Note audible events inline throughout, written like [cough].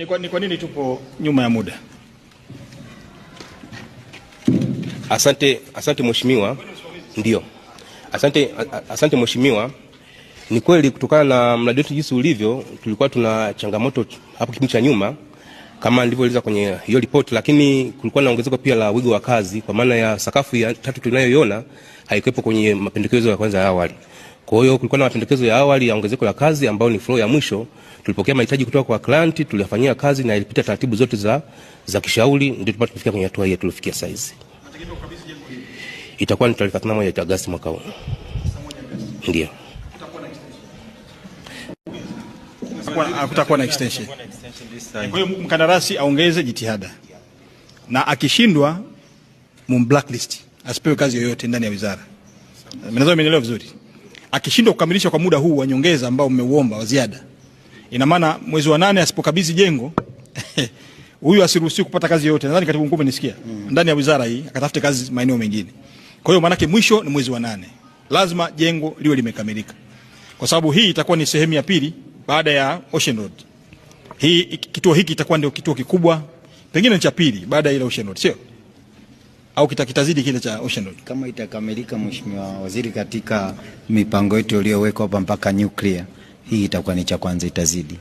Ni kwa, ni kwa nini tupo nyuma ya muda? Asante, asante mheshimiwa. Ndio, asante, asante mheshimiwa. Ni kweli kutokana na mradi wetu jinsi ulivyo, tulikuwa tuna changamoto hapo kipindi cha nyuma kama nilivyoeleza kwenye hiyo ripoti, lakini kulikuwa na ongezeko pia la wigo wa kazi, kwa maana ya sakafu ya tatu tunayoiona haikuwepo kwenye mapendekezo ya kwanza ya awali. Kwa hiyo kulikuwa na mapendekezo ya awali ya ongezeko la kazi ambayo ni flow ya mwisho. Tulipokea mahitaji kutoka kwa client, tuliyafanyia kazi na ilipita taratibu zote za, za kishauri ndio tupate kufikia kwenye hatua hii tulifikia saizi Itakuwa ni tarehe 31 ya Agosti mwaka huu. Ndio. Hakutakuwa na extension. Kwa hiyo mkandarasi aongeze jitihada. Na akishindwa mumblacklist, asipewe kazi yoyote ndani ya wizara. Mnaelewa vizuri? akishindwa kukamilisha kwa muda huu wa nyongeza ambao mmeuomba wa ziada, ina maana mwezi wa nane asipokabidhi jengo [laughs] huyu asiruhusiwi kupata kazi yoyote. Nadhani katibu mkuu umenisikia, mm. ndani ya wizara hii akatafute kazi maeneo mengine. Kwa hiyo maanake mwisho ni mwezi wa nane, lazima jengo liwe limekamilika, kwa sababu hii itakuwa ni sehemu ya pili baada ya Ocean Road. Hii kituo hiki itakuwa ndio kituo kikubwa, pengine cha pili baada ya ile Ocean Road, sio? au kitazidi kile cha Ocean Road kama itakamilika, Mheshimiwa Waziri, katika mipango yetu iliyowekwa hapa mpaka nuclear hii itakuwa ni cha kwanza, itazidi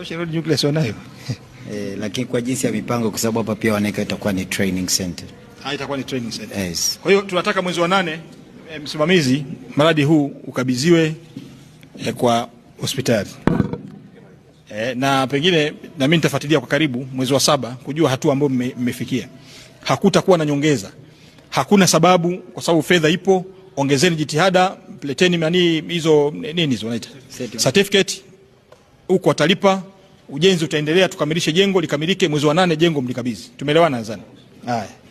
Ocean Road nuclear sio nayo [laughs] eh, lakini kwa jinsi ya mipango, kwa sababu hapa pia wanaweka itakuwa ni training center, ha ah, itakuwa ni training center yes. Kwa hiyo tunataka mwezi wa nane e, msimamizi mradi huu ukabidhiwe e, kwa hospitali e, na pengine na mimi nitafuatilia kwa karibu mwezi wa saba kujua hatua ambayo mmefikia hakutakuwa na nyongeza. Hakuna sababu, kwa sababu fedha ipo. Ongezeni jitihada, mleteni mani hizo nini hizo naita certificate, huko atalipa. Ujenzi utaendelea, tukamilishe jengo likamilike, mwezi wa nane jengo mlikabidhi. Tumeelewana nadhani? Haya.